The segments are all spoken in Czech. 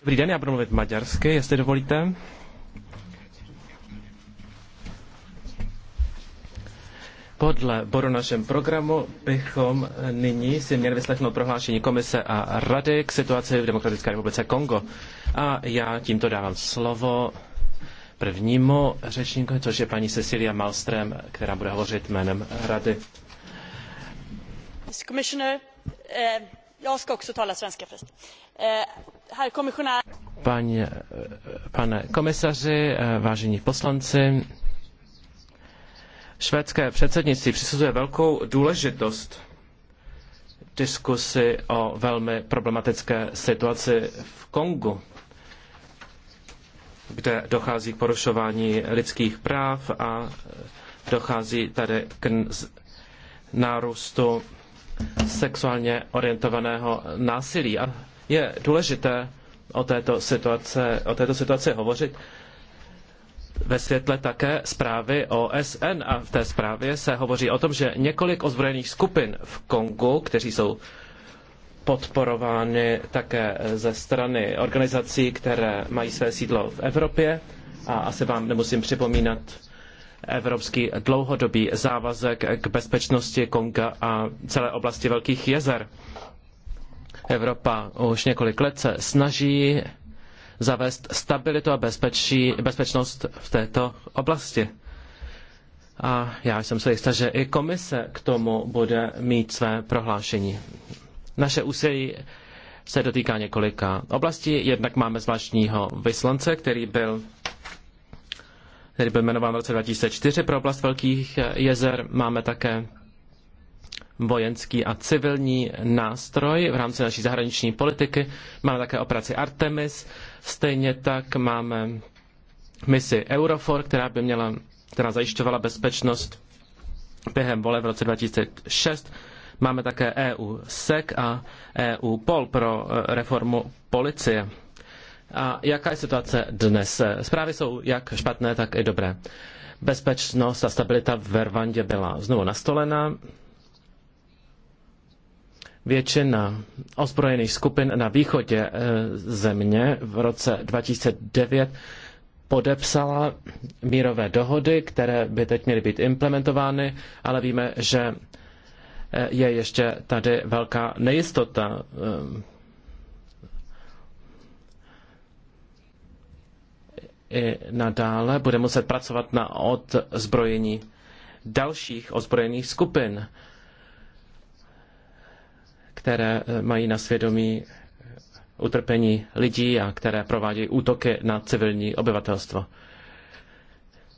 Dobrý den, já budu mluvit maďarsky, jestli dovolíte. Podle bodu našem programu bychom nyní si měli vyslechnout prohlášení komise a rady k situaci v Demokratické republice Kongo. A já tímto dávám slovo prvnímu řečníkovi, což je paní Cecilia Malström, která bude hovořit jménem rady. Eh, eh, eh, pane komisaři, vážení poslanci, švédské předsednictví přisuzuje velkou důležitost diskusi o velmi problematické situaci v Kongu, kde dochází k porušování lidských práv a dochází tady k nárůstu sexuálně orientovaného násilí. A je důležité o této, situace, o této situaci hovořit ve světle také zprávy OSN a v té zprávě se hovoří o tom, že několik ozbrojených skupin v Kongu, kteří jsou podporovány také ze strany organizací, které mají své sídlo v Evropě, a asi vám nemusím připomínat evropský dlouhodobý závazek k bezpečnosti Konga a celé oblasti Velkých jezer. Evropa už několik let se snaží zavést stabilitu a bezpečí, bezpečnost v této oblasti. A já jsem si jistá, že i komise k tomu bude mít své prohlášení. Naše úsilí se dotýká několika oblastí. Jednak máme zvláštního vyslance, který byl který byl jmenován v roce 2004 pro oblast Velkých jezer. Máme také vojenský a civilní nástroj v rámci naší zahraniční politiky. Máme také operaci Artemis, stejně tak máme misi Eurofor, která by měla, která zajišťovala bezpečnost během vole v roce 2006. Máme také EU SEC a EU POL pro eh, reformu policie. A jaká je situace dnes? Zprávy jsou jak špatné, tak i dobré. Bezpečnost a stabilita v Rwandě byla znovu nastolena. Většina ozbrojených skupin na východě eh, země v roce 2009 podepsala mírové dohody, které by teď měly být implementovány, ale víme, že eh, je ještě tady velká nejistota eh, i nadále bude muset pracovat na odzbrojení dalších ozbrojených skupin, které eh, mají na svědomí utrpení lidí a které provádějí útoky na civilní obyvatelstvo.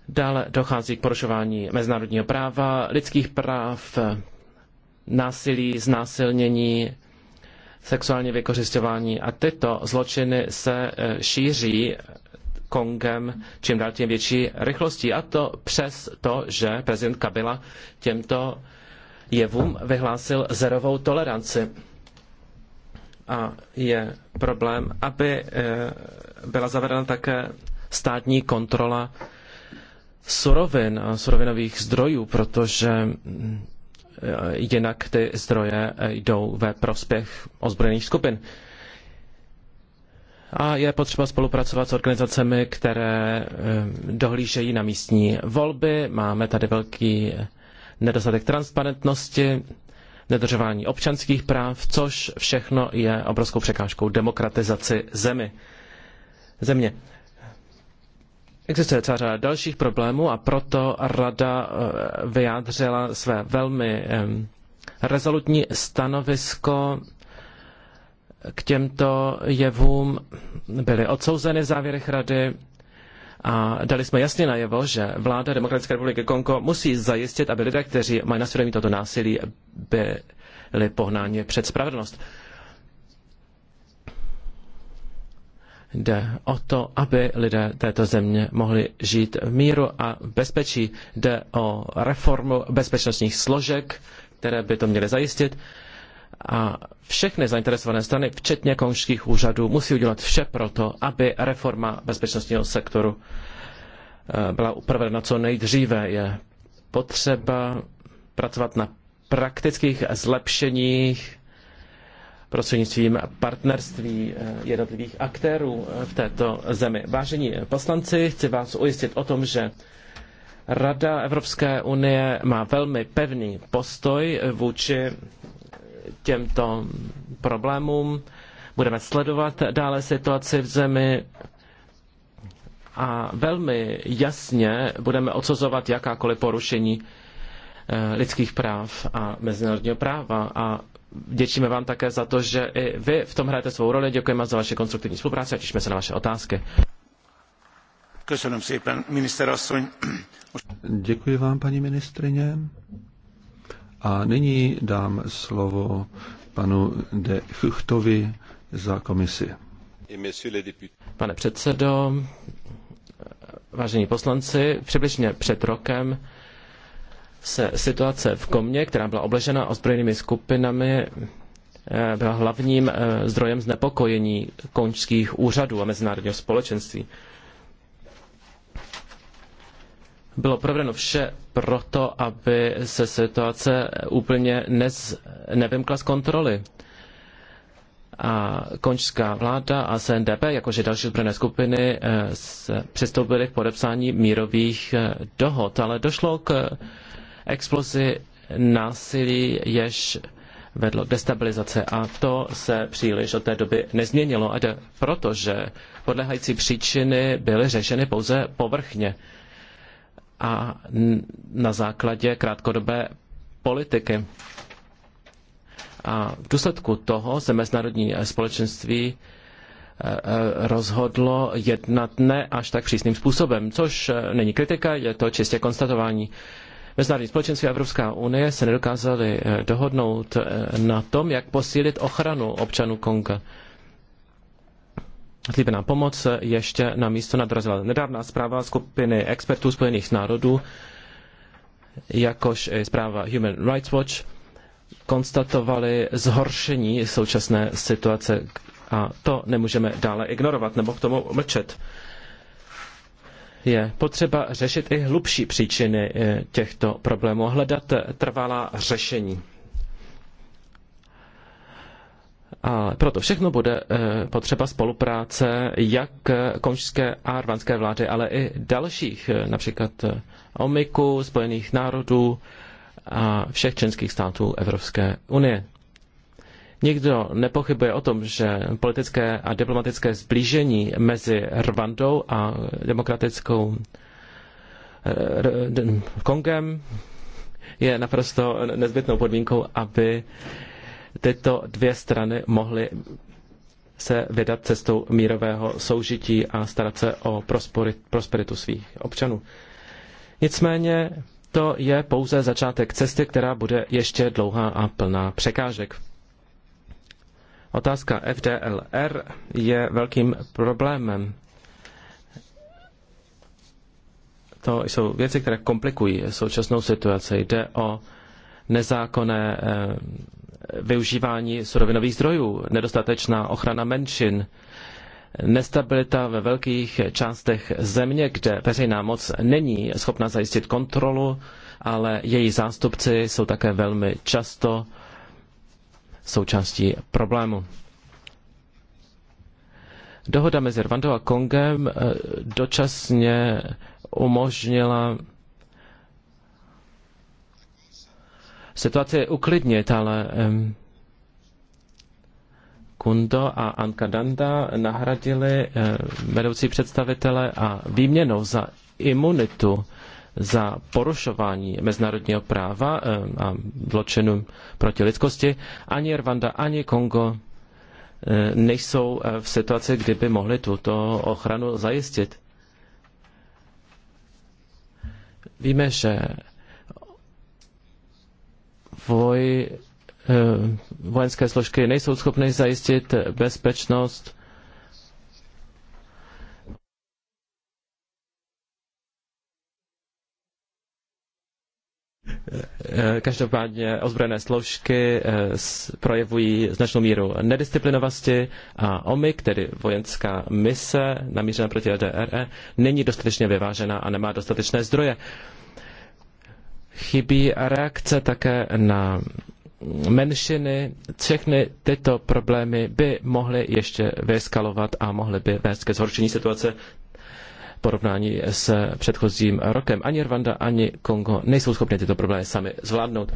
Dále dochází k porušování mezinárodního práva, lidských práv, násilí, znásilnění, sexuální vykořišťování a tyto zločiny se eh, šíří Kongem čím dál tím větší rychlostí. A to přes to, že prezident Kabila těmto jevům vyhlásil zerovou toleranci. A je problém, aby eh, byla zavedena také státní kontrola surovin a surovinových zdrojů, protože eh, jinak ty zdroje jdou ve prospěch ozbrojených skupin a je potřeba spolupracovat s organizacemi, které eh, dohlížejí na místní volby. Máme tady velký eh, nedostatek transparentnosti, nedržování občanských práv, což všechno je obrovskou překážkou demokratizaci zemi. země. Existuje celá řada dalších problémů a proto Rada eh, vyjádřila své velmi rezolutní stanovisko k těmto jevům byly odsouzeny v závěrech rady a dali jsme jasně najevo, že vláda Demokratické republiky Kongo musí zajistit, aby lidé, kteří mají na svědomí toto násilí, byli pohnáni před spravedlnost. Jde o to, aby lidé této země mohli žít v míru a v bezpečí. Jde o reformu bezpečnostních složek, které by to měly zajistit. A všechny zainteresované strany, včetně konžských úřadů, musí udělat vše proto, aby reforma bezpečnostního sektoru eh, byla provedena co nejdříve. Je potřeba pracovat na praktických zlepšeních prostřednictvím partnerství eh, jednotlivých aktérů eh, v této zemi. Vážení poslanci, chci vás ujistit o tom, že Rada Evropské unie má velmi pevný postoj vůči těmto problémům. Budeme sledovat dále situaci v zemi a velmi jasně budeme odsuzovat jakákoliv porušení eh, lidských práv a mezinárodního práva. A děčíme vám také za to, že i vy v tom hrajete svou roli. Děkujeme za vaše konstruktivní spolupráci a těšíme se na vaše otázky. Děkuji vám, paní ministrině. A nyní dám slovo panu de Fuchtovi za komisi. Pane předsedo, vážení poslanci, přibližně před rokem se situace v Komě, která byla obležena ozbrojenými skupinami, eh, byla hlavním eh, zdrojem znepokojení končských úřadů a mezinárodního společenství bylo provedeno vše proto, aby se situace úplně nez, nevymkla z kontroly. A končská vláda a SNDP, jakože další ozbrojené skupiny, eh, se přistoupily k podepsání mírových eh, dohod, ale došlo k explozi násilí, jež vedlo k destabilizaci a to se příliš od té doby nezměnilo, a protože podlehající příčiny byly řešeny pouze povrchně a na základě krátkodobé politiky. A v důsledku toho se mezinárodní společenství e, e, rozhodlo jednat ne až tak přísným způsobem, což e, není kritika, je to čistě konstatování. Mezinárodní společenství a Evropská unie se nedokázaly dohodnout na tom, jak posílit ochranu občanů Konga slíbená pomoc ještě na místo nadrazila. Nedávná zpráva skupiny expertů Spojených národů, jakož i zpráva Human Rights Watch, konstatovali zhoršení současné situace a to nemůžeme dále ignorovat nebo k tomu mlčet. Je potřeba řešit i hlubší příčiny eh, těchto problémů a hledat trvalá řešení. A proto všechno bude eh, potřeba spolupráce jak konžské a rvanské vlády, ale i dalších, eh, například eh, OMIKu, Spojených národů a všech členských států Evropské unie. Nikdo nepochybuje o tom, že politické a diplomatické zblížení mezi Rwandou a demokratickou Kongem je naprosto nezbytnou podmínkou, aby tyto dvě strany mohly se vydat cestou mírového soužití a starat se o prosperitu svých občanů. Nicméně to je pouze začátek cesty, která bude ještě dlouhá a plná překážek. Otázka FDLR je velkým problémem. To jsou věci, které komplikují současnou situaci. Jde o nezákonné eh, využívání surovinových zdrojů, nedostatečná ochrana menšin, nestabilita ve velkých částech země, kde veřejná moc není schopna zajistit kontrolu, ale její zástupci jsou také velmi často součástí problému. Dohoda mezi Rwandou a Kongem eh, dočasně umožnila situaci uklidnit, ale um, Kundo a Anka Danda nahradili uh, vedoucí představitele a výměnou za imunitu za porušování mezinárodního práva um, a zločinu proti lidskosti ani Rwanda, ani Kongo eh, nejsou v situaci, kdy by mohli tuto ochranu zajistit. Víme, že voj, eh, vojenské složky nejsou schopny zajistit bezpečnost eh, Každopádně ozbrojené složky eh, projevují značnou míru nedisciplinovosti a OMIK, tedy vojenská mise namířená proti LDRE, není dostatečně vyvážená a nemá dostatečné zdroje chybí reakce také na menšiny. Všechny tyto problémy by mohly ještě vyskalovat a mohly by vést ke zhoršení situace porovnání s předchozím rokem. Ani Rwanda, ani Kongo nejsou schopni tyto problémy sami zvládnout.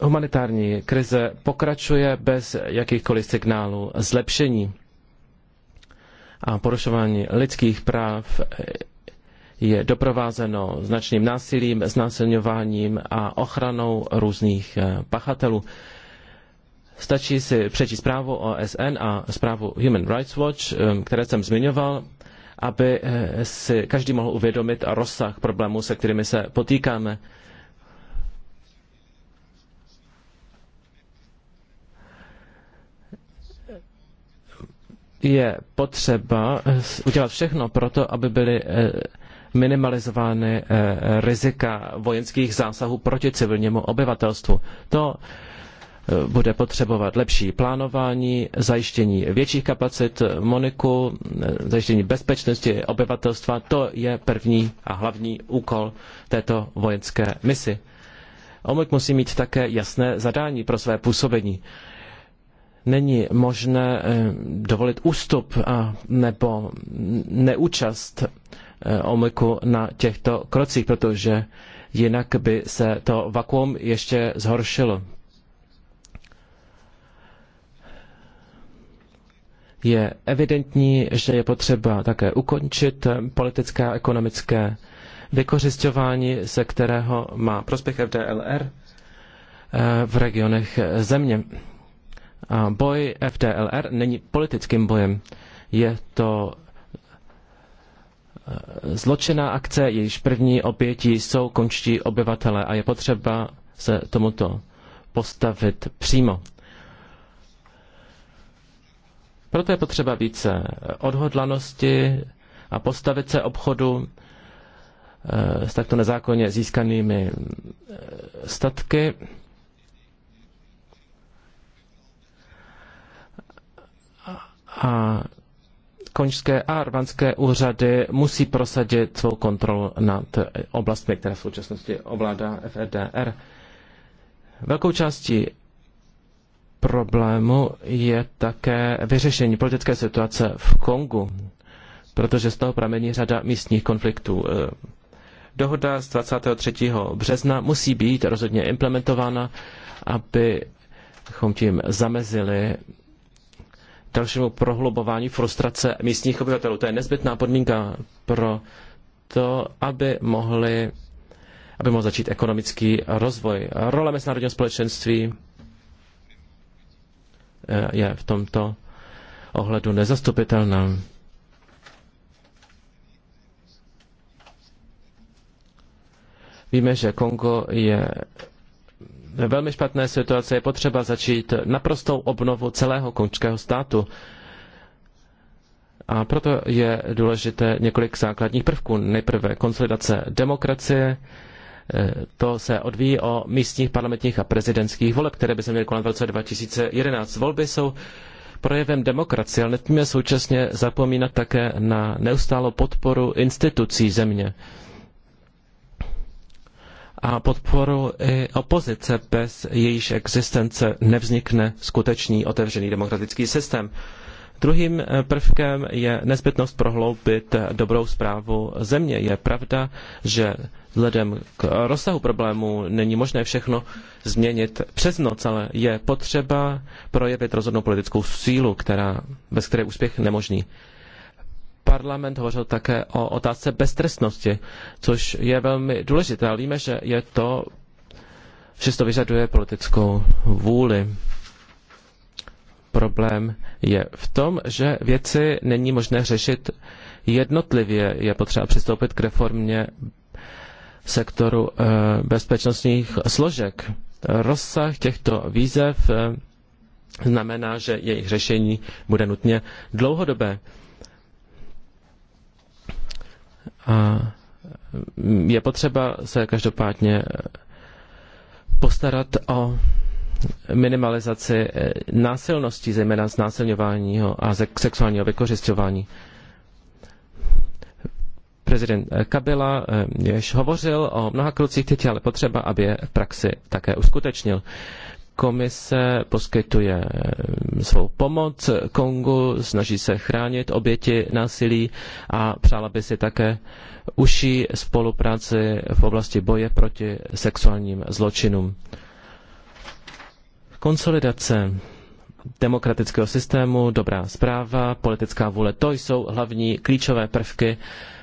Humanitární krize pokračuje bez jakýchkoliv signálů zlepšení a porušování lidských práv je doprovázeno značným násilím, znásilňováním a ochranou různých eh, pachatelů. Stačí si přečíst zprávu OSN a zprávu Human Rights Watch, eh, které jsem zmiňoval, aby eh, si každý mohl uvědomit rozsah problémů, se kterými se potýkáme. je potřeba udělat všechno pro to, aby byly eh, minimalizovány eh, rizika vojenských zásahů proti civilnímu obyvatelstvu. To eh, bude potřebovat lepší plánování, zajištění větších kapacit Moniku, zajištění bezpečnosti obyvatelstva. To je první a hlavní úkol této vojenské misi. OMIK musí mít také jasné zadání pro své působení není možné eh, dovolit ústup a, nebo neúčast eh, omyku na těchto krocích, protože jinak by se to vakuum ještě zhoršilo. Je evidentní, že je potřeba také ukončit politické a ekonomické vykořišťování, ze kterého má prospěch FDLR eh, v regionech země. A boj FDLR není politickým bojem. Je to eh, zločená akce, jejíž první oběti jsou končtí obyvatele a je potřeba se tomuto postavit přímo. Proto je potřeba více odhodlanosti a postavit se obchodu eh, s takto nezákonně získanými eh, statky. a koňské a arvanské úřady musí prosadit svou kontrolu nad oblastmi, které v současnosti ovládá FRDR. E Velkou částí problému je také vyřešení politické situace v Kongu, protože z toho pramení řada místních konfliktů. E, dohoda z 23. března musí být rozhodně implementována, abychom tím zamezili dalšímu prohlubování frustrace místních obyvatelů. To je nezbytná podmínka pro to, aby mohli aby mohl začít ekonomický rozvoj. Role mezinárodního společenství eh, je v tomto ohledu nezastupitelná. Víme, že Kongo je velmi špatné situace je potřeba začít naprostou obnovu celého končského státu. A proto je důležité několik základních prvků. Nejprve konsolidace demokracie, e, to se odvíjí o místních parlamentních a prezidentských voleb, které by se měly konat v roce 2011. Volby jsou projevem demokracie, ale nesmíme současně zapomínat také na neustálou podporu institucí země a podporu i opozice, bez jejíž existence nevznikne skutečný otevřený demokratický systém. Druhým eh, prvkem je nezbytnost prohloubit eh, dobrou zprávu země. Je pravda, že vzhledem k rozsahu problému není možné všechno změnit přes noc, ale je potřeba projevit rozhodnou politickou sílu, která, bez které úspěch nemožný parlament hovořil také o otázce beztrestnosti, což je velmi důležité. Ale víme, že je to, že to vyžaduje politickou vůli. Problém je v tom, že věci není možné řešit jednotlivě. Je potřeba přistoupit k reformě sektoru eh, bezpečnostních složek. Rozsah těchto výzev eh, znamená, že jejich řešení bude nutně dlouhodobé. A mm, je potřeba se každopádně eh, postarat o minimalizaci eh, násilností, zejména znásilňování a sexuálního vykořišťování. Prezident eh, Kabila jež hovořil o mnoha krocích teď, ale potřeba, aby je v praxi také uskutečnil. Komise poskytuje eh, svou pomoc Kongu, snaží se chránit oběti násilí a přála by si také užší spolupráci v oblasti boje proti sexuálním zločinům. Konsolidace demokratického systému, dobrá zpráva, politická vůle, to jsou hlavní klíčové prvky,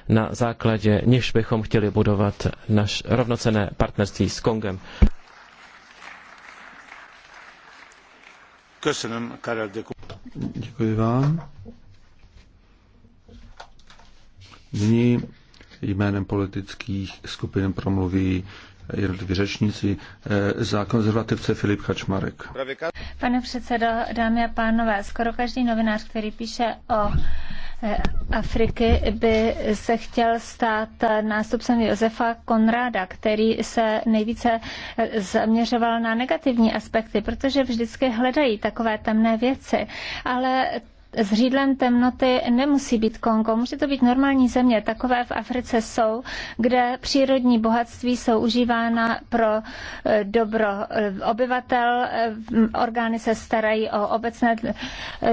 na základě nichž bychom chtěli budovat naš rovnocenné partnerství s Kongem. Děkuji vám. Nyní jménem politických skupin promluví jednotliví řečníci eh, za konzervativce Filip Kačmarek. Pane předsedo, dámy a pánové, skoro každý novinář, který píše o eh, Afriky by se chtěl stát eh, nástupcem Josefa Konráda, který se nejvíce zaměřoval na negativní aspekty, protože vždycky hledají takové temné věci. Ale s řídlem temnoty nemusí být Kongo, může to být normální země. Takové v Africe jsou, kde přírodní bohatství jsou užívána pro eh, dobro eh, obyvatel, eh, orgány se starají o obecné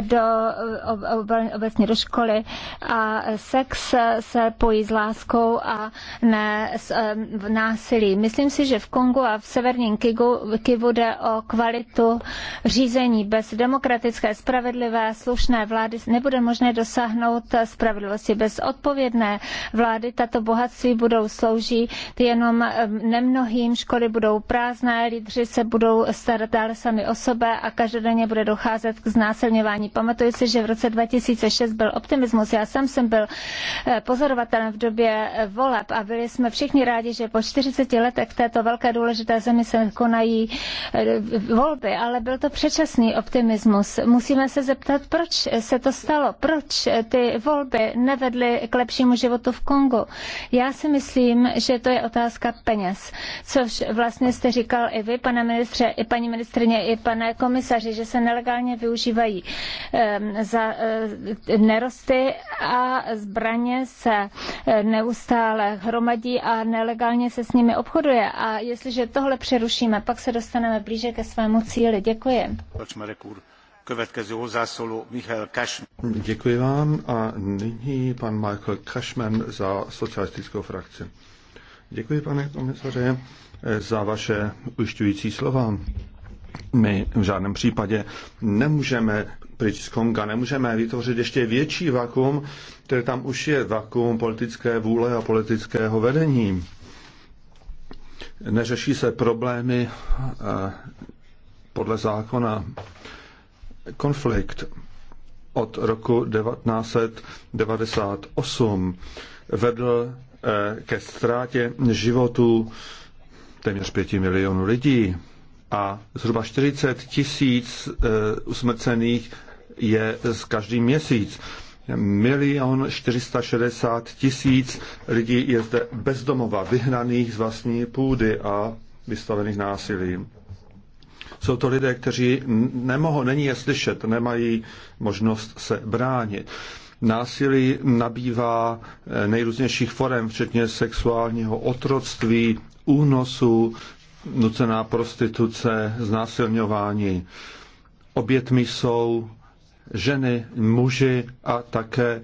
do, obecně do školy a sex se pojí s láskou a ne s násilí. Myslím si, že v Kongu a v severním Kivu, Kivu jde o kvalitu řízení bez demokratické, spravedlivé, slušné vlády nebude možné dosáhnout spravedlnosti. Bez odpovědné vlády tato bohatství budou sloužit jenom nemnohým, školy budou prázdné, lídři se budou starat dále sami o sebe a každodenně bude docházet k znásilňování. Pamatuju si, že v roce 2006 byl optimismus. Já sám jsem byl eh, pozorovatelem v době eh, voleb a byli jsme všichni rádi, že po 40 letech v této velké důležité zemi se konají eh, volby, ale byl to předčasný optimismus. Musíme se zeptat, proč se to stalo, proč ty volby nevedly k lepšímu životu v Kongu. Já si myslím, že to je otázka peněz, což vlastně jste říkal i vy, pane ministře, i paní ministrině, i pane komisaři, že se nelegálně využívají ehm, za eh, nerosty a zbraně se eh, neustále hromadí a nelegálně se s nimi obchoduje. A jestliže tohle přerušíme, pak se dostaneme blíže ke svému cíli. Děkuji. Děkuji vám a nyní pan Michael Cashman za socialistickou frakci. Děkuji, pane komisaře, za vaše ujišťující slova. My v žádném případě nemůžeme pryč z Konga, nemůžeme vytvořit ještě větší vakuum, které tam už je vakuum politické vůle a politického vedení. Neřeší se problémy eh, podle zákona konflikt od roku 1998 vedl eh, ke ztrátě životů téměř 5 milionů lidí a zhruba 40 tisíc eh, usmrcených je z každý měsíc. Milion 460 tisíc lidí je zde bezdomova, vyhnaných z vlastní půdy a vystavených násilím. Jsou to lidé, kteří nemohou, není je slyšet, nemají možnost se bránit. Násilí nabývá eh, nejrůznějších forem, včetně sexuálního otroctví, únosu, nucená prostituce, znásilňování. Obětmi jsou ženy, muži a také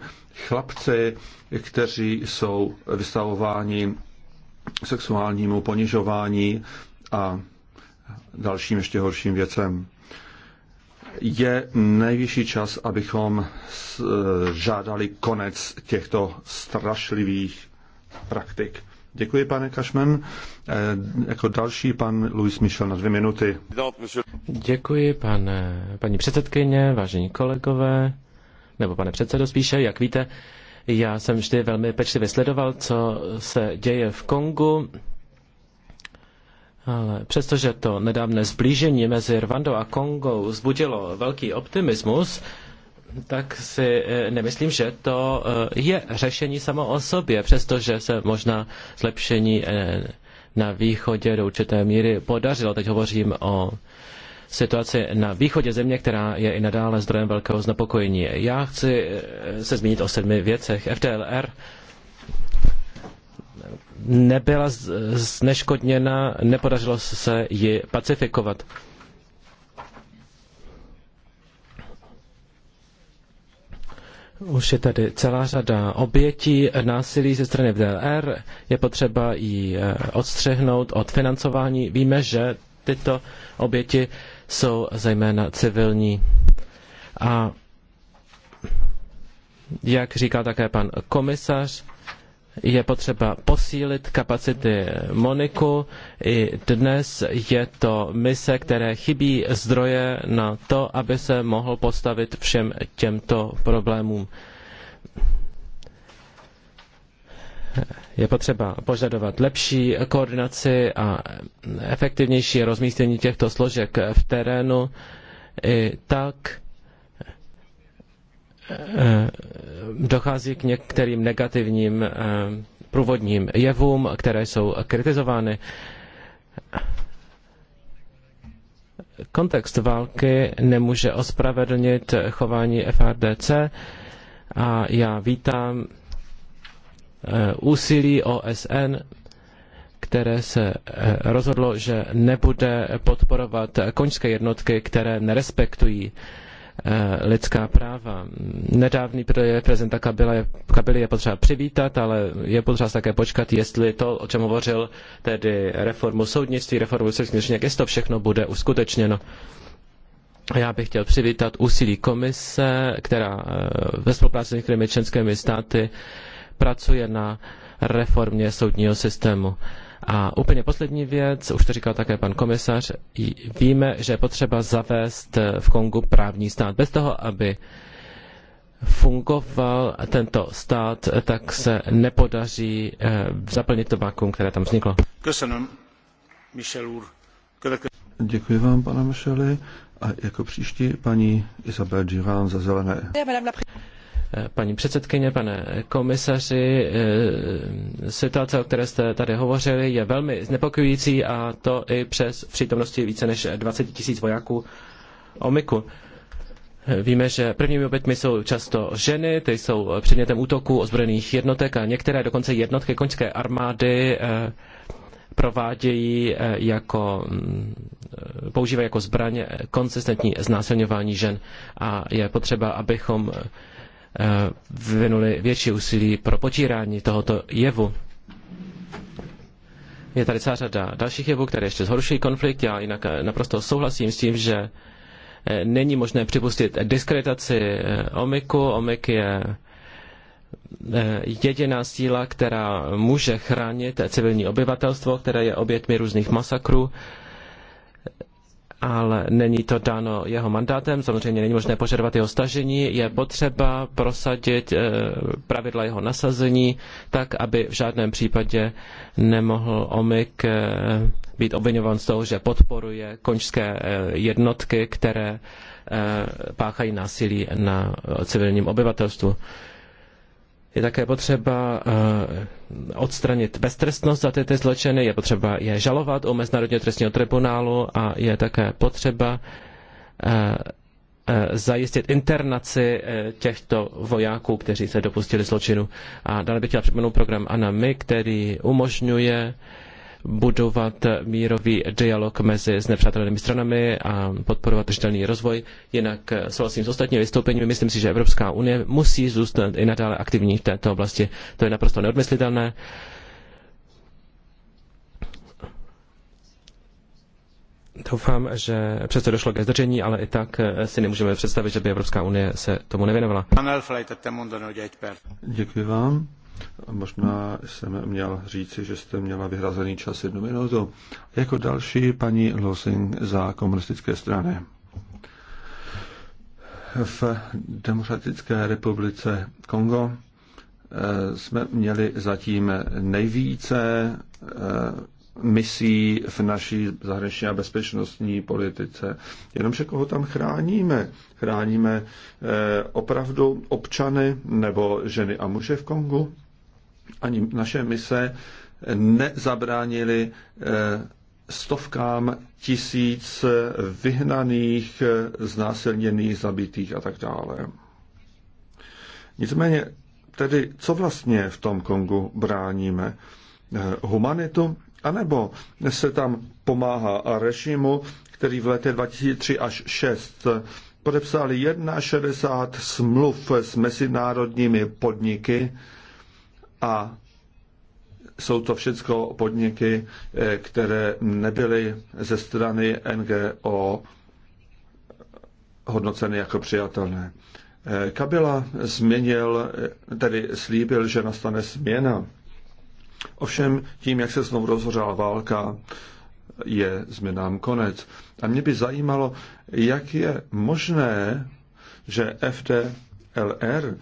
chlapci, kteří jsou vystavováni sexuálnímu ponižování a dalším ještě horším věcem. Je nejvyšší čas, abychom eh, žádali konec těchto strašlivých praktik. Děkuji, pane Kašmen. Eh, jako další pan Luis Michel na dvě minuty. Děkuji, pane, paní předsedkyně, vážení kolegové, nebo pane předsedo spíše, jak víte, já jsem vždy velmi pečlivě sledoval, co se děje v Kongu. Ale přestože to nedávné zblížení mezi Rwandou a Kongou vzbudilo velký optimismus, tak si eh, nemyslím, že to eh, je řešení samo o sobě, přestože se možná zlepšení eh, na východě do určité míry podařilo. Teď hovořím o situaci na východě země, která je i nadále zdrojem velkého znepokojení. Já chci se zmínit o sedmi věcech. FDLR nebyla zneškodněna, nepodařilo se ji pacifikovat. Už je tady celá řada obětí násilí ze strany VDR. Je potřeba ji eh, odstřehnout od financování. Víme, že tyto oběti jsou zejména civilní. A jak říká také pan komisař, je potřeba posílit kapacity Moniku. I dnes je to mise, které chybí zdroje na to, aby se mohl postavit všem těmto problémům. Je potřeba požadovat lepší koordinaci a efektivnější rozmístění těchto složek v terénu i tak, eh, dochází k některým negativním eh, průvodním jevům, které jsou kritizovány. Kontext války nemůže ospravedlnit chování FRDC a já vítám eh, úsilí OSN, které se eh, rozhodlo, že nebude podporovat koňské jednotky, které nerespektují Eh, lidská práva. Nedávný projev prezidenta Kabily je potřeba přivítat, ale je potřeba také počkat, jestli to, o čem hovořil, tedy reformu soudnictví, reformu soudnictví, jak jestli to všechno bude uskutečněno. Já bych chtěl přivítat úsilí komise, která eh, ve spolupráci s některými členskými státy pracuje na reformě soudního systému. A úplně poslední věc, už to říkal také pan komisař, víme, že je potřeba zavést eh, v Kongu právní stát. Bez toho, aby fungoval tento stát, eh, tak se nepodaří eh, zaplnit to vakuum, které tam vzniklo. Děkuji vám, pane Micheli. A jako příští paní Isabel Girán za zelené paní předsedkyně, pane komisaři. Eh, situace, o které jste tady hovořili, je velmi znepokojující a to i přes přítomnosti více než 20 tisíc vojáků Omyku. Víme, že prvními oběťmi jsou často ženy, ty jsou předmětem útoků ozbrojených jednotek a některé dokonce jednotky koňské armády eh, provádějí eh, jako, mm, používají jako zbraň konsistentní znásilňování žen a je potřeba, abychom Eh, vyvinuli větší úsilí pro potírání tohoto jevu. Je tady celá řada dalších jevů, které ještě zhoršují konflikt. Já jinak eh, naprosto souhlasím s tím, že eh, není možné připustit diskreditaci Omiku. Omik je jediná síla, která může chránit civilní obyvatelstvo, které je obětmi různých masakrů ale není to dáno jeho mandátem, samozřejmě není možné požadovat jeho stažení, je potřeba prosadit eh, pravidla jeho nasazení tak, aby v žádném případě nemohl omyk eh, být obvinován z toho, že podporuje končské eh, jednotky, které páchají násilí na civilním obyvatelstvu. Je také potřeba eh, odstranit beztrestnost za tyto zločiny, je potřeba je žalovat u Mezinárodního trestního tribunálu a je také potřeba eh, eh, zajistit internaci těchto vojáků, kteří se dopustili zločinu. A dále bych chtěl připomenout program ANAMI, který umožňuje budovat mírový dialog mezi znepřátelenými stranami a podporovat držitelný rozvoj. Jinak souhlasím s ostatními vystoupeními. Myslím si, že Evropská unie musí zůstat i nadále aktivní v této oblasti. To je naprosto neodmyslitelné. Doufám, že přesto došlo ke zdržení, ale i tak si nemůžeme představit, že by Evropská unie se tomu nevěnovala. Děkuji vám. Možná jsem měl říci, že jste měla vyhrazený čas jednu minutu. Jako další paní Losing za komunistické strany. V Demokratické republice Kongo eh, jsme měli zatím nejvíce eh, misí v naší zahraniční a bezpečnostní politice. Jenomže koho tam chráníme? Chráníme eh, opravdu občany nebo ženy a muže v Kongu? ani naše mise nezabránili eh, stovkám tisíc vyhnaných, eh, znásilněných, zabitých a tak dále. Nicméně tedy, co vlastně v tom Kongu bráníme? Eh, humanitu? A nebo se tam pomáhá režimu, který v letech 2003 až 6 podepsali 61 smluv s mezinárodními podniky, a jsou to všechno podniky, eh, které nebyly ze strany NGO hodnoceny jako přijatelné. Eh, Kabila změnil, eh, tedy slíbil, že nastane změna. Ovšem tím, jak se znovu rozhořela válka, je změnám konec. A mě by zajímalo, jak je možné, že FDLR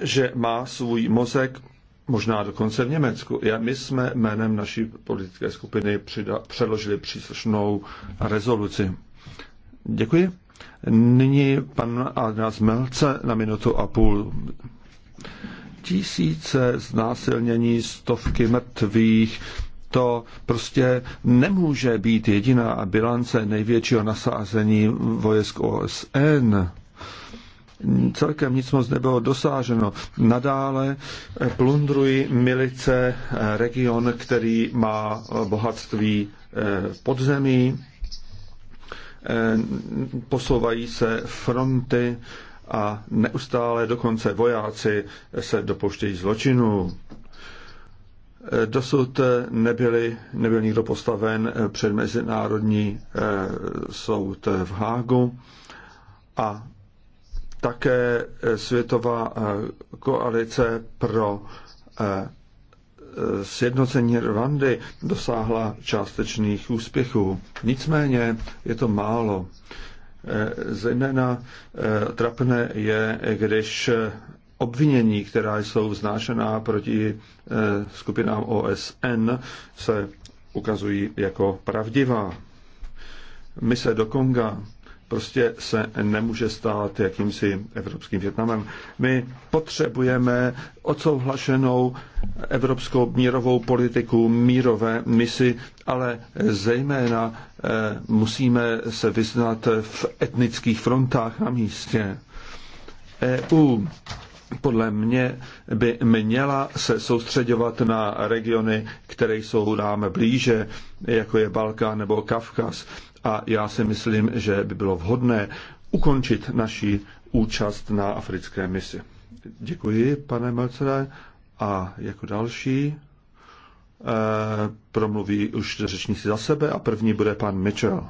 že má svůj mozek možná dokonce v Německu. Já, my jsme jménem naší politické skupiny přida, předložili příslušnou rezoluci. Děkuji. Nyní pan Adnáz Melce na minutu a půl. Tisíce znásilnění, stovky mrtvých, to prostě nemůže být jediná bilance největšího nasázení vojsk OSN. Celkem nic moc nebylo dosáženo. Nadále eh, plundrují milice eh, region, který má eh, bohatství podzemí, posouvají se fronty a neustále dokonce vojáci se dopouštějí zločinů. Dosud nebyli, nebyl nikdo postaven před Mezinárodní soud v Hágu a také eh, Světová eh, koalice pro eh, sjednocení Rwandy dosáhla částečných úspěchů. Nicméně je to málo. Zejména trapné je, když obvinění, která jsou vznášená proti skupinám OSN, se ukazují jako pravdivá. Mise do Konga prostě se nemůže stát jakýmsi evropským Větnamem. My potřebujeme odsouhlašenou evropskou mírovou politiku, mírové misi, ale zejména eh, musíme se vyznat v etnických frontách na místě. EU podle mě by měla se soustředovat na regiony, které jsou nám blíže, jako je Balkán nebo Kavkaz a já si myslím, že by bylo vhodné ukončit naši účast na africké misi. Děkuji, pane Melcere. A jako další eh, promluví už řečníci za sebe a první bude pan Mitchell.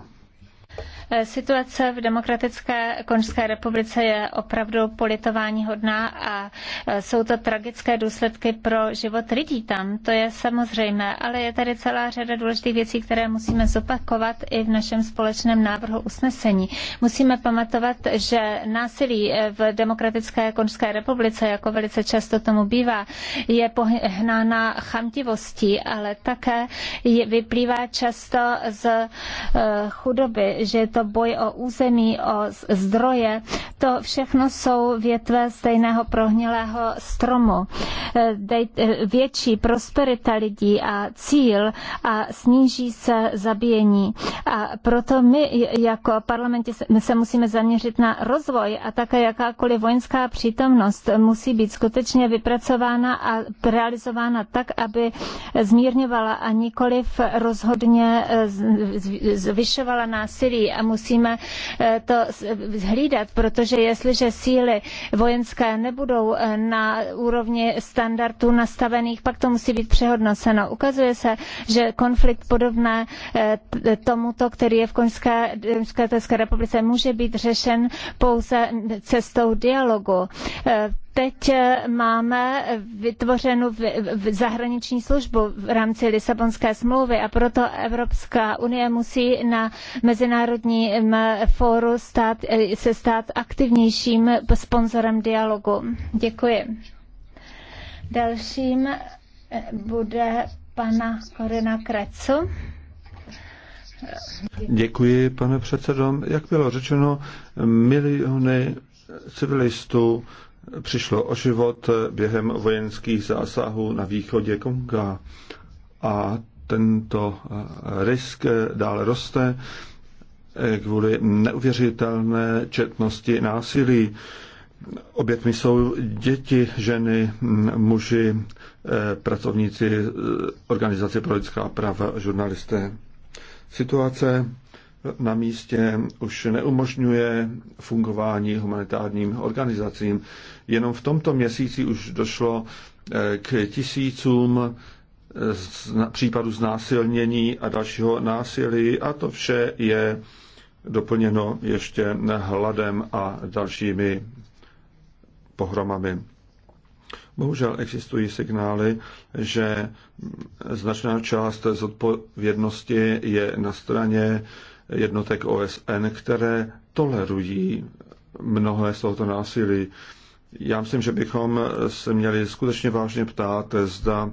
Situace v Demokratické Konžské republice je opravdu politování hodná a e, jsou to tragické důsledky pro život lidí tam. To je samozřejmé, ale je tady celá řada důležitých věcí, které musíme zopakovat i v našem společném návrhu usnesení. Musíme pamatovat, že násilí e, v Demokratické Konžské republice, jako velice často tomu bývá, je pohnána chamtivostí, ale také vyplývá často z e, chudoby, že je to to boj o území, o zdroje, to všechno jsou větve stejného prohnilého stromu. Eh, dej, eh, větší prosperita lidí a cíl a sníží se zabíjení. A proto my jako parlamentě se musíme zaměřit na rozvoj a také jakákoliv vojenská přítomnost musí být skutečně vypracována a realizována tak, aby zmírňovala a nikoliv rozhodně eh, zvyšovala násilí a musíme eh, to hlídat, protože jestliže síly vojenské nebudou eh, na úrovni standardů nastavených, pak to musí být přehodnoceno. Ukazuje se, že konflikt podobné eh, tomuto, který je v Koňské České republice, může být řešen pouze cestou dialogu teď eh, máme vytvořenou zahraniční službu v rámci Lisabonské smlouvy a proto Evropská unie musí na mezinárodním mm, fóru stát, eh, se stát aktivnějším sponzorem dialogu. Děkuji. Dalším eh, bude pana Korina Krecu. Děkuji, pane předsedo. Jak bylo řečeno, miliony civilistů přišlo o život během vojenských zásahů na východě Konga. A tento risk dále roste kvůli neuvěřitelné četnosti násilí. Obětmi jsou děti, ženy, muži, pracovníci organizace pro lidská práva, žurnalisté. Situace na místě už neumožňuje fungování humanitárním organizacím. Jenom v tomto měsíci už došlo eh, k tisícům eh, případů znásilnění a dalšího násilí a to vše je doplněno ještě hladem a dalšími pohromami. Bohužel existují signály, že značná část zodpovědnosti je na straně jednotek OSN, které tolerují mnohé z tohoto násilí. Já myslím, že bychom se měli skutečně vážně ptát, zda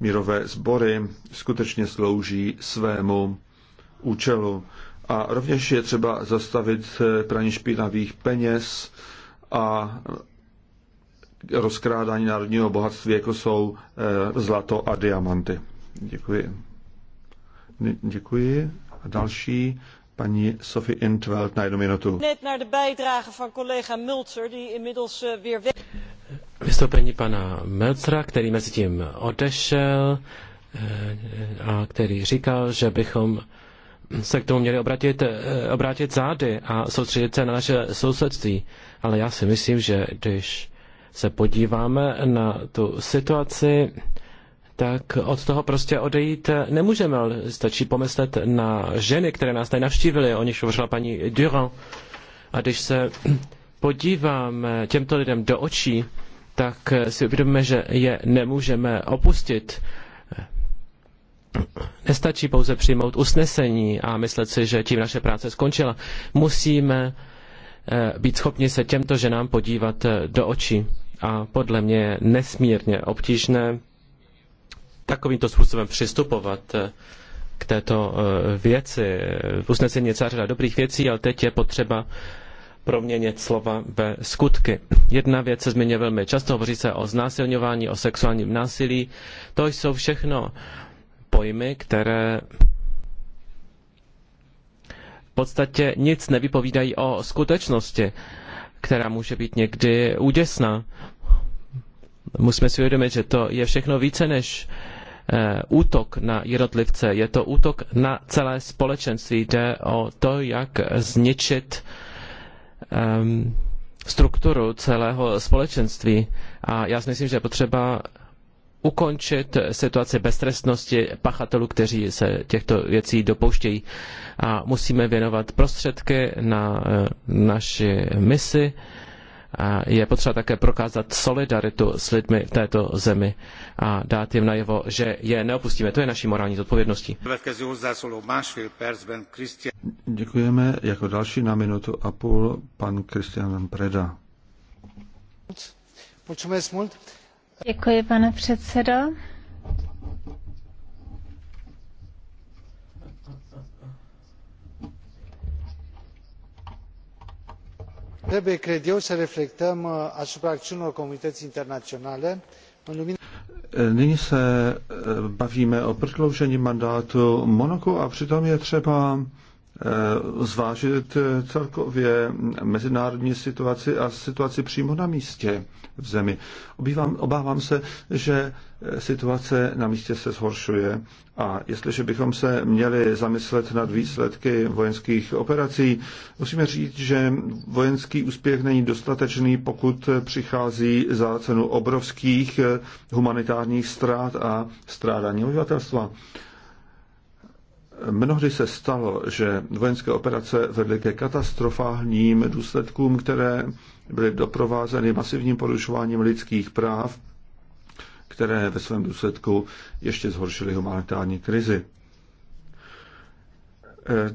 mírové sbory skutečně slouží svému účelu. A rovněž je třeba zastavit praní špinavých peněz a rozkrádání národního bohatství, jako jsou eh, zlato a diamanty. Děkuji. Děkuji další, paní Sophie Intveld na jednu minutu. Eh, Vystoupení pana Melcera, který mezi tím odešel eh, a který říkal, že bychom se k tomu měli obrátit, eh, obrátit zády a soustředit se na naše sousedství. Ale já si myslím, že když se podíváme na tu situaci, tak od toho prostě odejít nemůžeme. Stačí pomyslet na ženy, které nás tady navštívily, o nich hovořila paní Durand. A když se podíváme těmto lidem do očí, tak si uvědomíme, že je nemůžeme opustit. Nestačí pouze přijmout usnesení a myslet si, že tím naše práce skončila. Musíme eh, být schopni se těmto ženám podívat eh, do očí. A podle mě je nesmírně obtížné takovýmto způsobem přistupovat eh, k této eh, věci. V usnesení je celá řada dobrých věcí, ale teď je potřeba proměnit slova ve skutky. Jedna věc se zmiňuje velmi často, hovoří se o znásilňování, o sexuálním násilí. To jsou všechno pojmy, které v podstatě nic nevypovídají o skutečnosti, která může být někdy úděsná. Musíme si uvědomit, že to je všechno více než Eh, útok na jednotlivce, je to útok na celé společenství. Jde o to, jak zničit um, strukturu celého společenství. A já si myslím, že je potřeba ukončit situaci beztrestnosti pachatelů, kteří se těchto věcí dopouštějí. A musíme věnovat prostředky na eh, naši misi je potřeba také prokázat solidaritu s lidmi v této zemi a dát jim najevo, že je neopustíme. To je naší morální zodpovědností. Děkujeme. Jako další na minutu a půl pan Kristian Preda. Děkuji, pane předsedo. trebuie cred eu să reflectăm uh, asupra acțiunilor comunității internaționale în lumina Nyní se uh, bavíme o prodloužení mandátu Monaku a přitom je třeba Eh, zvážit eh, celkově mezinárodní situaci a situaci přímo na místě v zemi. Obývám, obávám se, že eh, situace na místě se zhoršuje a jestliže bychom se měli zamyslet nad výsledky vojenských operací, musíme říct, že vojenský úspěch není dostatečný, pokud přichází za cenu obrovských humanitárních ztrát a strádání obyvatelstva. Mnohdy se stalo, že vojenské operace vedly ke katastrofálním důsledkům, které byly doprovázeny masivním porušováním lidských práv, které ve svém důsledku ještě zhoršily humanitární krizi.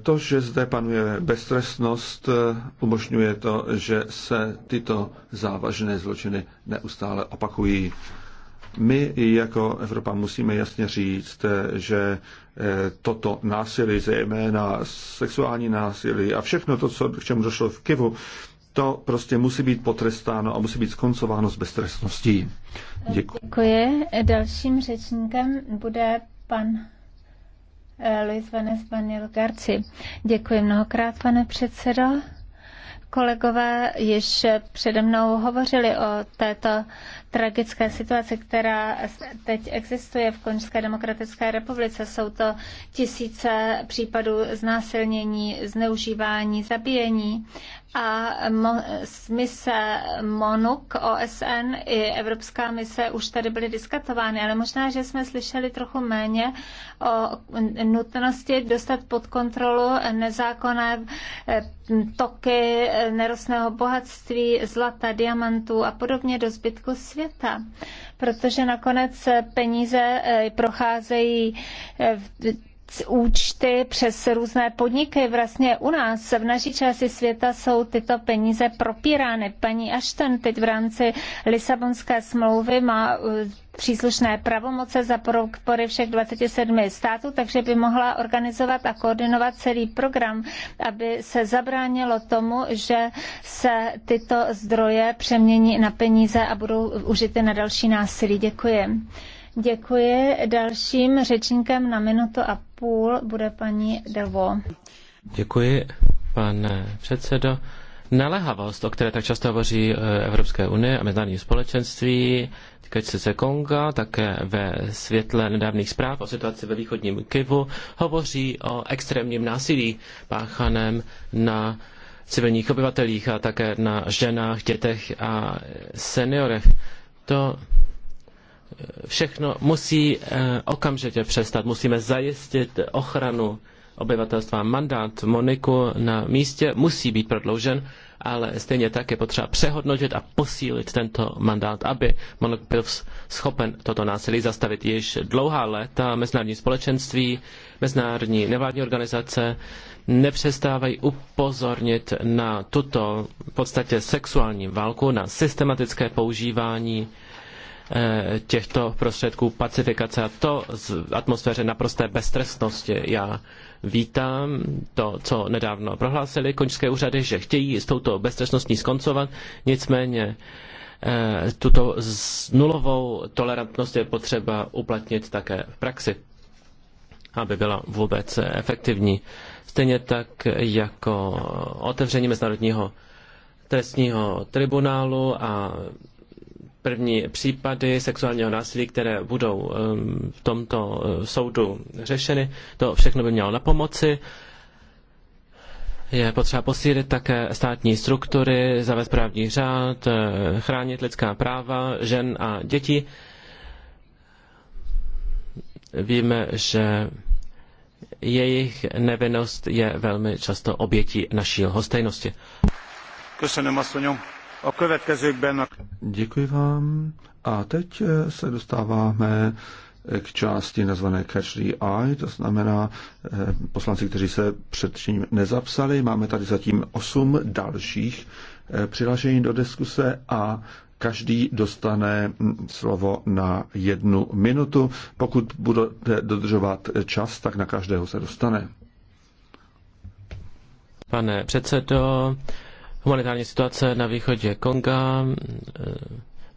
To, že zde panuje beztrestnost, umožňuje to, že se tyto závažné zločiny neustále opakují. My jako Evropa musíme jasně říct, že eh, toto násilí, zejména sexuální násilí a všechno to, co, k čemu došlo v Kivu, to prostě musí být potrestáno a musí být skoncováno s beztrestností. Děkuji. Děkuji. Dalším řečníkem bude pan eh, Luis Vanes Panil Garci. Děkuji mnohokrát, pane předsedo. Kolegové již přede mnou hovořili o této tragické situaci, která teď existuje v Konžské demokratické republice. Jsou to tisíce případů znásilnění, zneužívání, zabíjení a mise MONUK, OSN i Evropská mise už tady byly diskutovány, ale možná, že jsme slyšeli trochu méně o nutnosti dostat pod kontrolu nezákonné eh, toky nerostného bohatství, zlata, diamantů a podobně do zbytku světa světa, protože nakonec peníze eh, procházejí eh, v účty přes různé podniky. Vlastně u nás, v naší části světa, jsou tyto peníze propírány. Paní Ashton teď v rámci Lisabonské smlouvy má uh, příslušné pravomoce za podpory všech 27 států, takže by mohla organizovat a koordinovat celý program, aby se zabránilo tomu, že se tyto zdroje přemění na peníze a budou užity na další násilí. Děkuji. Děkuji. Dalším řečníkem na minutu a půl bude paní Delvo. Děkuji, pane předsedo. Naléhavost, o které tak často hovoří eh, Evropské unie a mezinárodní společenství, týkající se Konga, také ve světle nedávných zpráv o situaci ve východním Kivu, hovoří o extrémním násilí páchaném na civilních obyvatelích a také na ženách, dětech a seniorech. To všechno musí eh, okamžitě přestat. Musíme zajistit ochranu obyvatelstva. Mandát Moniku na místě musí být prodloužen, ale stejně tak je potřeba přehodnotit a posílit tento mandát, aby Monik byl schopen toto násilí zastavit. Již dlouhá léta mezinárodní společenství, mezinárodní nevládní organizace nepřestávají upozornit na tuto v podstatě sexuální válku, na systematické používání Eh, těchto prostředků pacifikace a to z atmosféře naprosté beztrestnosti. Já vítám to, co nedávno prohlásili končské úřady, že chtějí s touto beztrestností skoncovat, nicméně eh, tuto nulovou tolerantnost je potřeba uplatnit také v praxi, aby byla vůbec efektivní. Stejně tak jako otevření mezinárodního trestního tribunálu a první případy sexuálního násilí, které budou eh, v tomto eh, soudu řešeny. To všechno by mělo na pomoci. Je potřeba posílit také státní struktury, zavést právní řád, eh, chránit lidská práva žen a dětí. Víme, že jejich nevinnost je velmi často obětí naší hostejnosti. Köszönöm, asszonyom. Děkuji vám. A teď eh, se dostáváme eh, k části nazvané Catch the Eye, to znamená eh, poslanci, kteří se předtím nezapsali. Máme tady zatím osm dalších přihlášení do diskuse a každý dostane hm, slovo na jednu minutu. Pokud budete dodržovat čas, tak na každého se dostane. Pane předsedo, Humanitární situace na východě Konga, eh,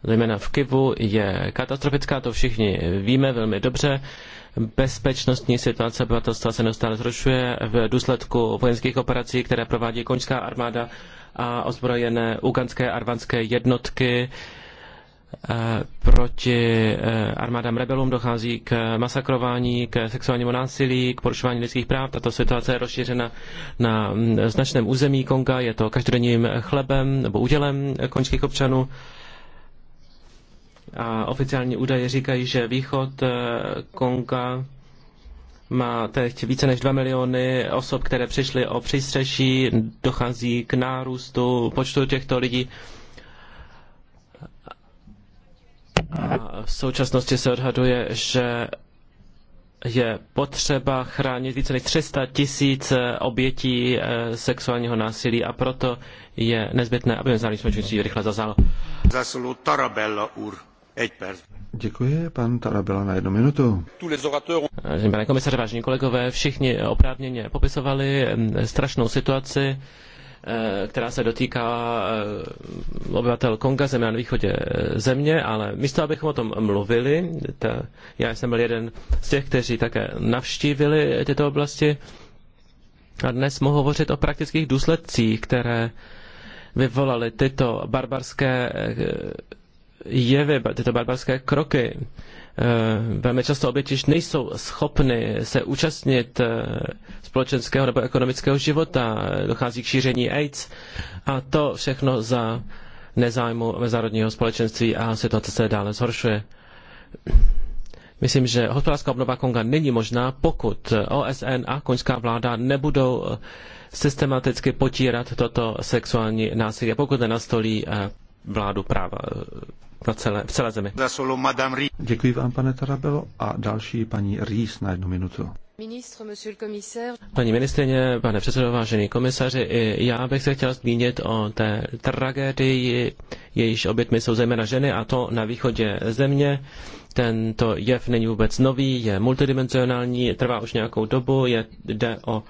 zejména v Kivu, je katastrofická, to všichni víme velmi dobře. Bezpečnostní situace obyvatelstva se neustále zhoršuje v důsledku vojenských operací, které provádí koňská armáda a ozbrojené uganské a arvanské jednotky Eh, proti eh, armádám rebelům, dochází k masakrování, k sexuálnímu násilí, k porušování lidských práv. Tato situace je rozšířena na mm, značném území Konga, je to každodenním chlebem nebo údělem končkých občanů. A oficiální údaje říkají, že východ eh, Konga má teď více než 2 miliony osob, které přišly o přístřeší, dochází k nárůstu počtu těchto lidí. v současnosti se odhaduje, že je potřeba chránit více než 300 tisíc eh, obětí eh, sexuálního násilí a proto je nezbytné, aby mezinárodní společenství rychle zazálo. Děkuji, pan Tarabella na jednu minutu. Eh, vážený pane komisaře, vážení kolegové, všichni oprávněně popisovali mm, strašnou situaci, Eh, která se dotýká eh, obyvatel Konga, země na východě eh, země, ale místo, abychom o tom mluvili, já jsem byl jeden z těch, kteří také navštívili tyto oblasti, a dnes mohu hovořit o praktických důsledcích, které vyvolaly tyto barbarské jevy, tyto barbarské kroky Eh, velmi často oběti již nejsou schopny se účastnit eh, společenského nebo ekonomického života, dochází k šíření AIDS a to všechno za nezájmu mezinárodního společenství a situace se dále zhoršuje. Myslím, že hospodářská obnova Konga není možná, pokud OSN a koňská vláda nebudou eh, systematicky potírat toto sexuální násilí, pokud nenastolí vládu práva eh, na celé, v celé zemi. Děkuji vám, pane Tarabelo. A další paní Rýs na jednu minutu. Paní ministrině, pane předsedo, vážený komisaři, i já bych se chtěl zmínit o té tragédii, jejíž obětmi jsou zejména ženy, a to na východě země. Tento jev není vůbec nový, je multidimenzionální, trvá už nějakou dobu, je, jde o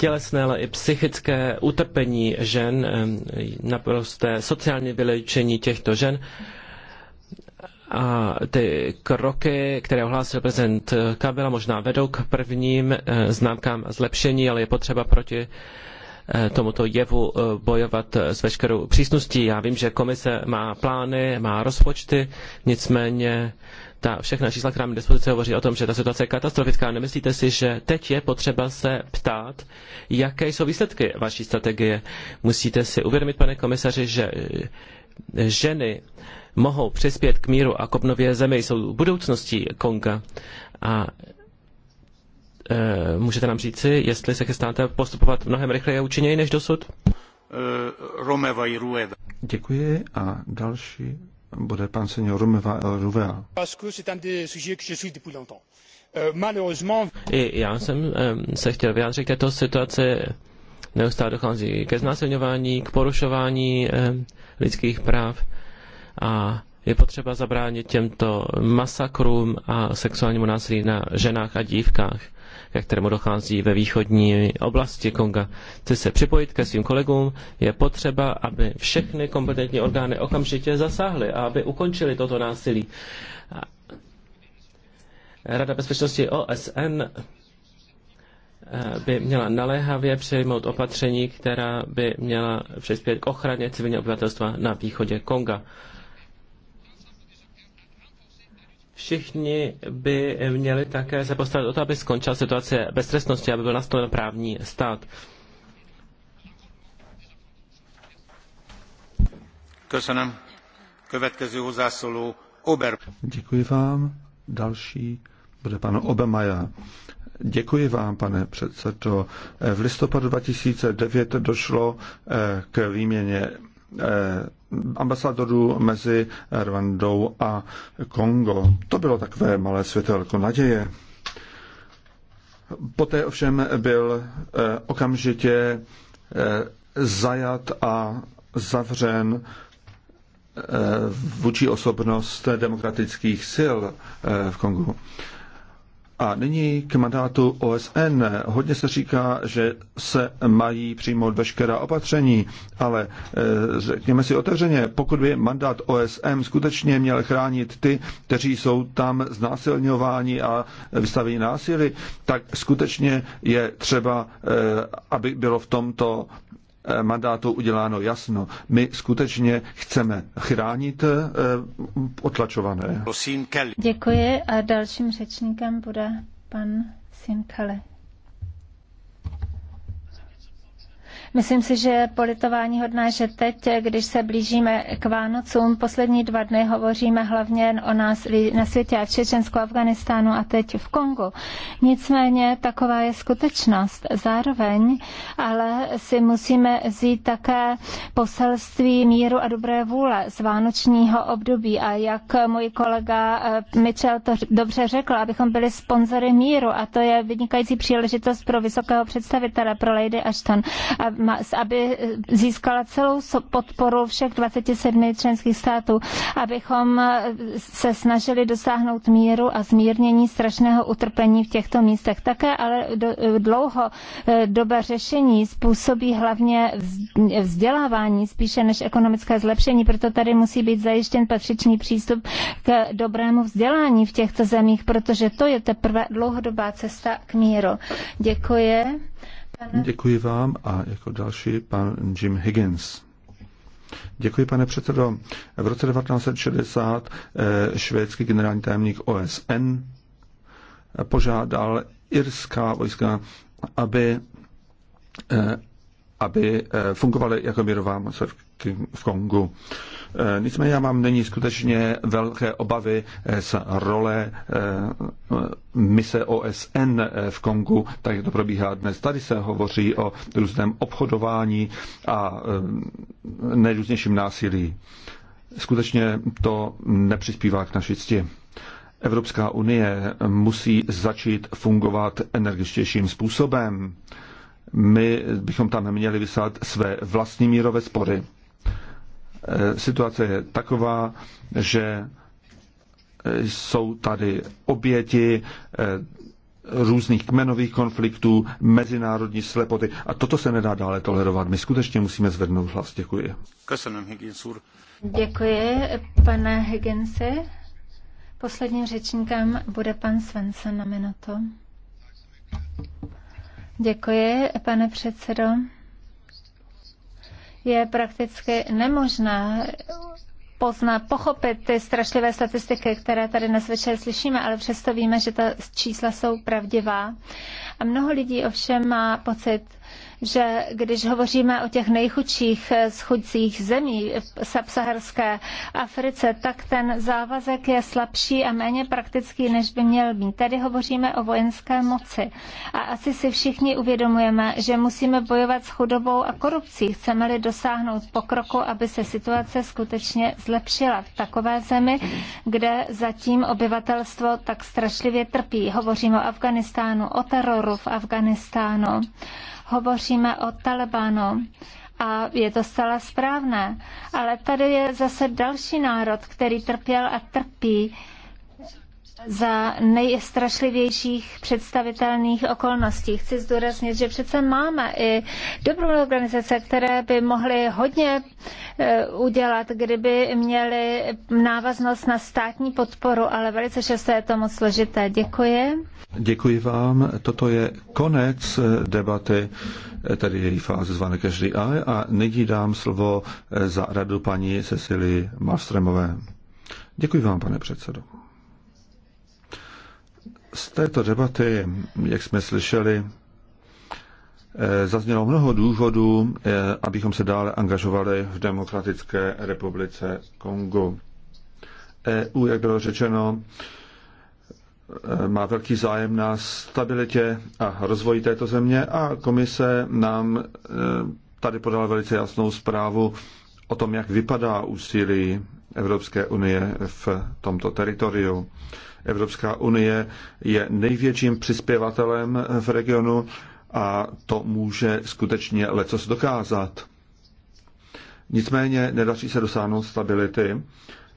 tělesné, ale i psychické utrpení žen, naprosté sociální vylečení těchto žen. A ty kroky, které ohlásil prezident Kabila, možná vedou k prvním eh, známkám zlepšení, ale je potřeba proti eh, tomuto jevu eh, bojovat s veškerou přísností. Já vím, že komise má plány, má rozpočty, nicméně ta všechna čísla, která mi dispozice hovoří o tom, že ta situace je katastrofická. Nemyslíte si, že teď je potřeba se ptát, jaké jsou výsledky vaší strategie? Musíte si uvědomit, pane komisaři, že eh, ženy mohou přispět k míru a kopnově zemi, jsou budoucností Konga. A e, můžete nám říci, jestli se chystáte postupovat mnohem rychleji a účinněji než dosud? Eh, Romeva Děkuji a další bude pan senior Ruvea. Euh, I já jsem se chtěl vyjádřit k této situaci. Neustále dochází ke znásilňování, k porušování lidských práv a je potřeba zabránit těmto masakrům a sexuálnímu násilí na ženách a dívkách ke kterému dochází ve východní oblasti Konga. Chci se připojit ke svým kolegům. Je potřeba, aby všechny kompetentní orgány okamžitě zasáhly a aby ukončili toto násilí. Rada bezpečnosti OSN eh, by měla naléhavě přijmout opatření, která by měla přispět k ochraně civilního obyvatelstva na východě Konga. Všichni by měli také se postarat o to, aby skončila situace beztrestnosti, aby byl nastolen právní stát. Děkuji vám. Další bude pan Obemaja. Děkuji vám, pane předsedo. V listopadu 2009 došlo eh, k výměně eh, ambasadorů mezi Rwandou a Kongo. To bylo takové malé světelko naděje. Poté ovšem byl eh, okamžitě eh, zajat a zavřen eh, vůči osobnost demokratických sil v Kongu. A nyní k mandátu OSN. Hodně se říká, že se mají přijmout veškerá opatření, ale e, řekněme si otevřeně, pokud by mandát OSN skutečně měl chránit ty, kteří jsou tam znásilňováni a vystavení násilí, tak skutečně je třeba, e, aby bylo v tomto Eh, mandátu uděláno jasno. My skutečně chceme chránit eh, otlačované. Děkuji a dalším řečníkem bude pan Sinkale. Myslím si, že politování hodná, že teď, když se blížíme k Vánocům, poslední dva dny hovoříme hlavně o nás na světě a v Čečensku, Afganistánu a teď v Kongu. Nicméně taková je skutečnost. Zároveň ale si musíme vzít také poselství míru a dobré vůle z vánočního období a jak můj kolega eh, Mitchell to dobře řekl, abychom byli sponzory míru a to je vynikající příležitost pro vysokého představitele, pro Lady Ashton. A aby získala celou podporu všech 27 členských států, abychom se snažili dosáhnout míru a zmírnění strašného utrpení v těchto místech. Také ale dlouho eh, doba řešení způsobí hlavně vzdělávání spíše než ekonomické zlepšení, proto tady musí být zajištěn patřičný přístup k dobrému vzdělání v těchto zemích, protože to je teprve dlouhodobá cesta k míru. Děkuji. Děkuji vám a jako další pan Jim Higgins. Děkuji, pane předsedo. V roce 1960 eh, švédský generální tajemník OSN požádal irská vojska, aby, eh, aby eh, fungovaly jako mírová v Kongu. Eh, nicméně já mám nyní skutečně velké obavy eh, z role eh, mise OSN v Kongu, tak jak to probíhá dnes. Tady se hovoří o různém obchodování a nejrůznějším násilí. Skutečně to nepřispívá k naší cti. Evropská unie musí začít fungovat energičtějším způsobem. My bychom tam měli vysát své vlastní mírové spory. Eh, situace je taková, že eh, jsou tady oběti eh, různých kmenových konfliktů, mezinárodní slepoty. A toto se nedá dále tolerovat. My skutečně musíme zvednout hlas. Děkuji. Děkuji, pane Higginsi. Posledním řečníkem bude pan Svensson na minutu. Děkuji, pane předsedo je prakticky nemožné poznat, pochopit ty strašlivé statistiky, které tady dnes večer slyšíme, ale přesto víme, že ta čísla jsou pravdivá. A mnoho lidí ovšem má pocit, že když hovoříme o těch nejchudších eh, schudcích zemí v subsaharské Africe, tak ten závazek je slabší a méně praktický, než by měl být. Tady hovoříme o vojenské moci. A asi si všichni uvědomujeme, že musíme bojovat s chudobou a korupcí. Chceme-li dosáhnout pokroku, aby se situace skutečně zlepšila v takové zemi, kde zatím obyvatelstvo tak strašlivě trpí. Hovoříme o Afganistánu, o teroru v Afganistánu hovoříme o Talibánu a je to zcela správné. Ale tady je zase další národ, který trpěl a trpí za nejstrašlivějších představitelných okolností. Chci zdůraznit, že přece máme i dobrou organizace, které by mohly hodně e, udělat, kdyby měly návaznost na státní podporu, ale velice často je to moc složité. Děkuji. Děkuji vám. Toto je konec e, debaty, e, tedy její fáze zvané každý A. A nyní dám slovo za radu paní Cecily Marstremové. Děkuji vám, pane předsedo. Z této debaty, jak jsme slyšeli, eh, zaznělo mnoho důvodů, eh, abychom se dále angažovali v Demokratické republice Kongo. EU, jak bylo řečeno, eh, má velký zájem na stabilitě a rozvoji této země a komise nám tady podala velice jasnou zprávu o tom, jak vypadá úsilí Evropské unie v tomto teritoriu. Evropská unie je největším přispěvatelem v regionu a to může skutečně lecos dokázat. Nicméně nedaří se dosáhnout stability.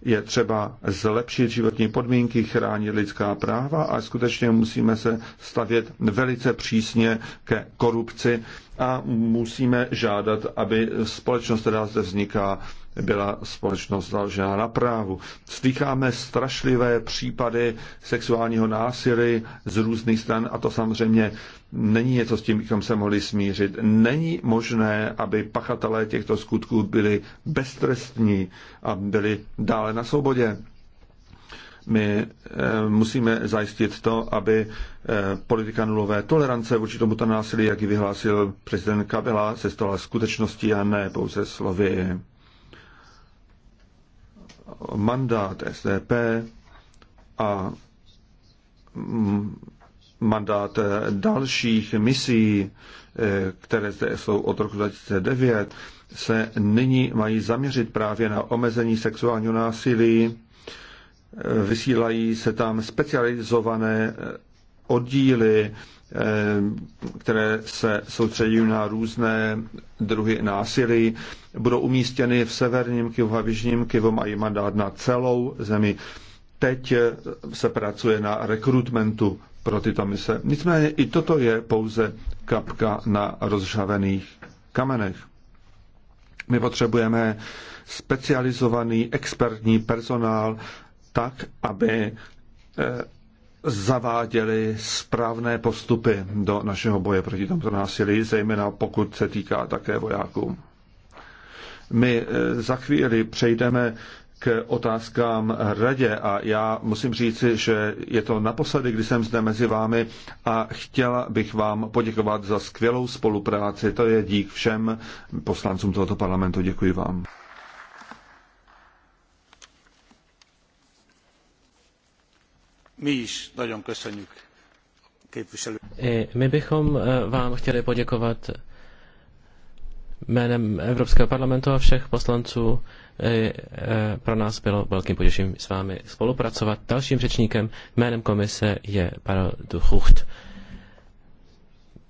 Je třeba zlepšit životní podmínky, chránit lidská práva a skutečně musíme se stavět velice přísně ke korupci a musíme žádat, aby společnost, která zde vzniká, byla společnost založena na právu. Slycháme strašlivé případy sexuálního násilí z různých stran a to samozřejmě není něco, s tím bychom se mohli smířit. Není možné, aby pachatelé těchto skutků byli beztrestní a byli dále na svobodě my eh, musíme zajistit to, aby eh, politika nulové tolerance vůči tomuto násilí, jak ji vyhlásil prezident Kabila, se stala skutečností a ne pouze slovy mandát SDP a mandát dalších misí, které zde jsou od roku 2009, se nyní mají zaměřit právě na omezení sexuálního násilí. Vysílají se tam specializované oddíly Eh, které se soustředí na různé druhy násilí, budou umístěny v severním Kivu a v jižním Kivu, mají mandát na celou zemi. Teď eh, se pracuje na rekrutmentu pro tyto mise. Nicméně i toto je pouze kapka na rozžavených kamenech. My potřebujeme specializovaný expertní personál tak, aby eh, zaváděli správné postupy do našeho boje proti tomuto násilí, zejména pokud se týká také vojáků. My eh, za chvíli přejdeme k otázkám radě a já musím říci, že je to naposledy, kdy jsem zde mezi vámi a chtěla bych vám poděkovat za skvělou spolupráci. To je dík všem poslancům tohoto parlamentu. Děkuji vám. Eh, my bychom eh, vám chtěli poděkovat jménem Evropského parlamentu a všech poslanců. Eh, pro nás bylo velkým potěšením s vámi spolupracovat. Dalším řečníkem jménem komise je Karel Duchucht.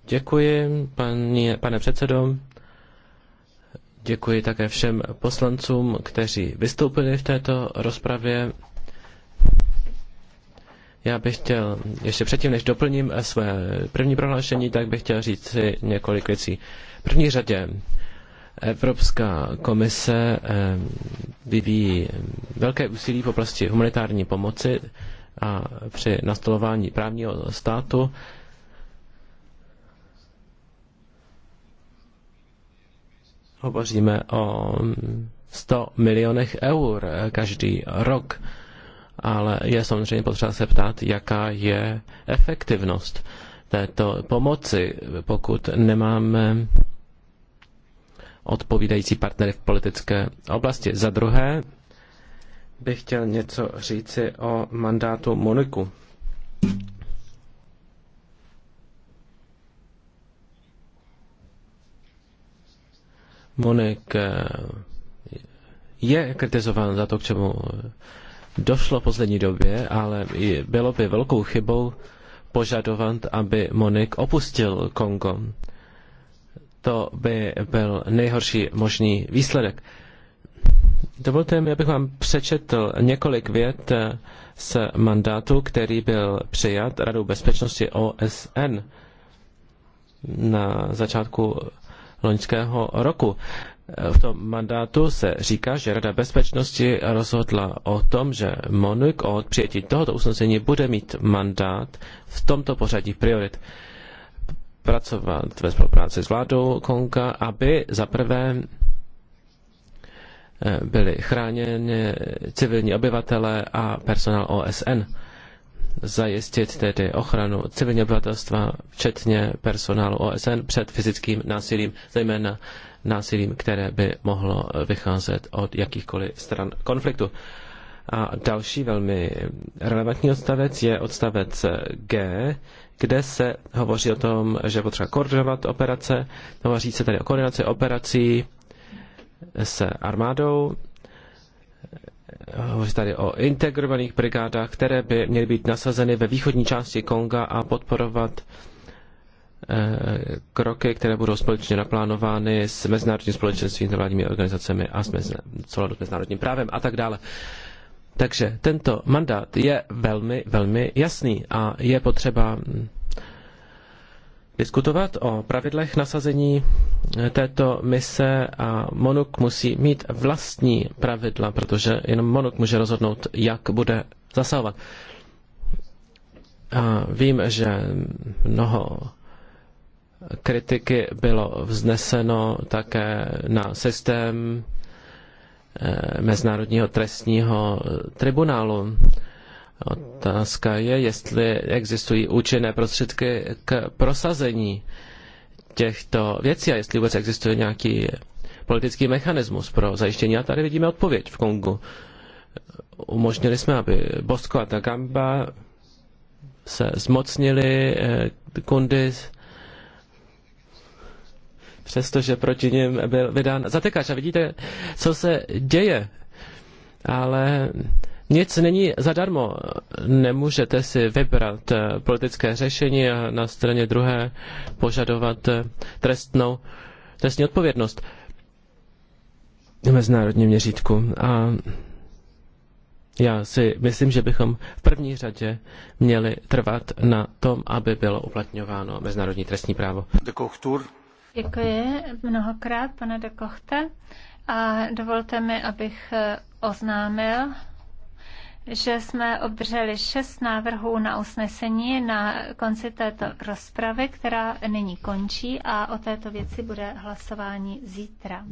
Děkuji, paní, pane předsedo. Děkuji také všem poslancům, kteří vystoupili v této rozpravě. Já bych chtěl, ještě předtím, než doplním své první prohlášení, tak bych chtěl říct si několik věcí. V první řadě Evropská komise eh, vyvíjí velké úsilí v oblasti humanitární pomoci a při nastolování právního státu. Hovoříme o 100 milionech eur každý rok ale je samozřejmě potřeba se ptát, jaká je efektivnost této pomoci, pokud nemáme odpovídající partnery v politické oblasti. Za druhé bych chtěl něco říci o mandátu Moniku. Monik eh, je kritizován za to, k čemu došlo v poslední době, ale bylo by velkou chybou požadovat, aby Monik opustil Kongo. To by byl nejhorší možný výsledek. Dovolte mi, abych vám přečetl několik vět eh, z mandátu, který byl přijat Radou bezpečnosti OSN na začátku loňského roku v tom mandátu se říká, že Rada bezpečnosti rozhodla o tom, že Monik od přijetí tohoto usnesení bude mít mandát v tomto pořadí priorit pracovat ve spolupráci s vládou Konga, aby zaprvé eh, byli chráněni civilní obyvatele a personál OSN. Zajistit tedy ochranu civilního obyvatelstva, včetně personálu OSN, před fyzickým násilím, zejména násilím, které by mohlo vycházet od jakýchkoliv stran konfliktu. A další velmi relevantní odstavec je odstavec G, kde se hovoří o tom, že potřeba koordinovat operace. Hovoří se tady o koordinaci operací s armádou. Hovoří tady o integrovaných brigádách, které by měly být nasazeny ve východní části Konga a podporovat uh, Eh, kroky, které budou společně naplánovány s mezinárodním společenstvím, s nevládními organizacemi a s mezi, mezinárodním právem a tak dále. Takže tento mandát je velmi, velmi jasný a je potřeba mm, diskutovat o pravidlech nasazení eh, této mise a Monuk musí mít vlastní pravidla, protože jenom Monuk může rozhodnout, jak bude zasahovat. A vím, že mnoho Kritiky bylo vzneseno také na systém eh, Mezinárodního trestního tribunálu. Otázka je, jestli existují účinné prostředky k prosazení těchto věcí a jestli vůbec existuje nějaký politický mechanismus pro zajištění. A tady vidíme odpověď v Kongu. Umožnili jsme, aby Bosko a Tagamba se zmocnili eh, kundy přestože proti něm byl vydán zatekač. A vidíte, co se děje. Ale nic není zadarmo. Nemůžete si vybrat politické řešení a na straně druhé požadovat trestnou, trestní odpovědnost v mezinárodním měřítku. A já si myslím, že bychom v první řadě měli trvat na tom, aby bylo uplatňováno mezinárodní trestní právo. De Děkuji mnohokrát, pane de Kochte. A dovolte mi, abych eh, oznámil, že jsme obdrželi šest návrhů na usnesení na konci této rozpravy, která nyní končí a o této věci bude hlasování zítra.